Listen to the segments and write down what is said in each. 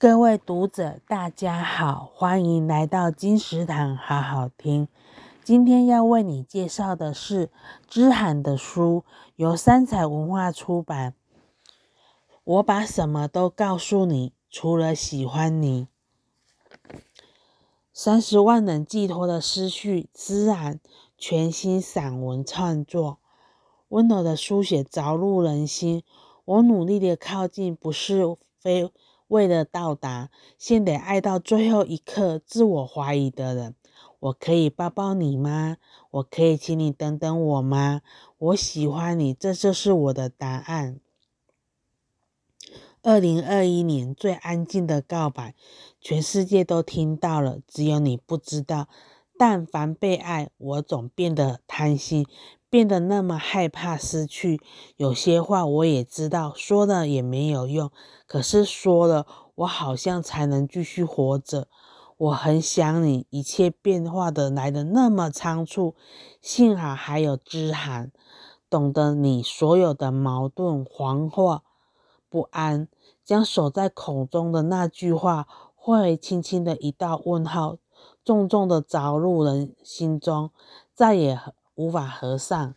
各位讀者，大家好，歡迎來到金石堂好好聽。今天要為你介紹的是知寒的書，由三彩文化出版。我把什麼都告訴你，除了喜歡你。三十萬人寄託的思緒，知寒全新散文創作，溫柔的書寫着入人心。我努力的靠近，不是非。為了到達，先得愛到最後一刻。自我懷疑的人，我可以抱抱你嗎？我可以請你等等我嗎？我喜歡你，這就是我的答案。二零二一年最安靜的告白，全世界都聽到了，只有你不知道。但凡被愛，我總變得貪心，變得那麼害怕失去。有些話我也知道，說了也沒有用，可是說了，我好像才能繼續活着。我很想你，一切變化的來得那麼倉促，幸好還有知寒，懂得你所有的矛盾、惶惑、不安，將守在口中的那句話，化為輕輕的一道問號。重重的鑿入人心中，再也無法合上。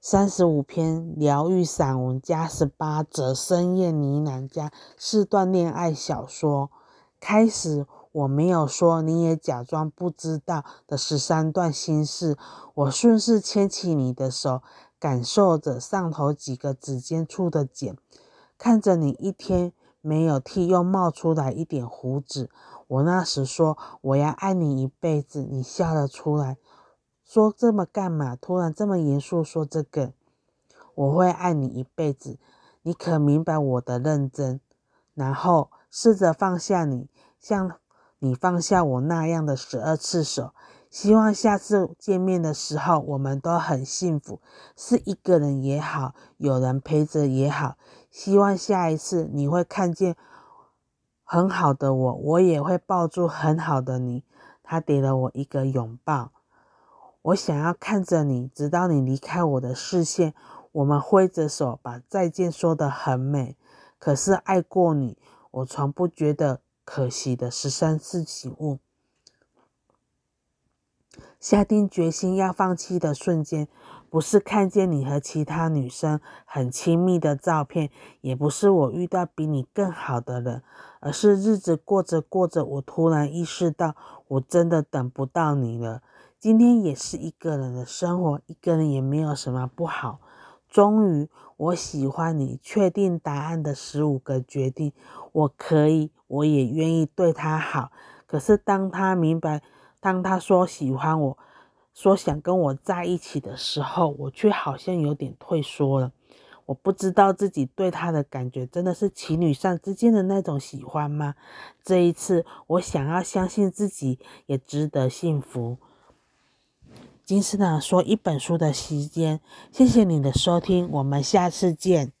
三十五篇療癒散文加十八則深夜呢喃加四段戀愛小說。開始，我沒有說，你也假裝不知道的十三段心事。我順勢牽起你的手，感受着上頭幾個指尖處的繭，看着你一天。沒有剃，又冒出來一點鬍子。我那時說，我要愛你一輩子，你笑了出來，說這麼幹嘛？突然這麼嚴肅說這個，我會愛你一輩子，你可明白我的認真？然後試着放下你，像你放下我那樣的十二次手。希望下次見面的時候，我們都很幸福，是一個人也好，有人陪着也好。希望下一次你會看見很好的我，我也會抱住很好的你。他給了我一個擁抱，我想要看着你，直到你離開我的視線。我們揮着手，把再見說得很美。可是愛過你，我從不覺得可惜的十三次醒悟。下定決心要放棄的瞬間，不是看見你和其他女生很親密的照片，也不是我遇到比你更好的人，而是日子過着過着，我突然意識到我真的等不到你了。今天也是一個人的生活，一個人也沒有什麼不好。終於，我喜歡你，確定答案的十五個決定，我可以，我也願意對他好。可是當他明白。當他說喜歡我，說想跟我在一起的時候，我卻好像有點退縮了。我不知道自己對他的感覺，真的是情侶上之間的那種喜歡嗎？這一次，我想要相信自己，也值得幸福。金石堂說：“一本書的時間，謝謝你的收聽，我們下次見。”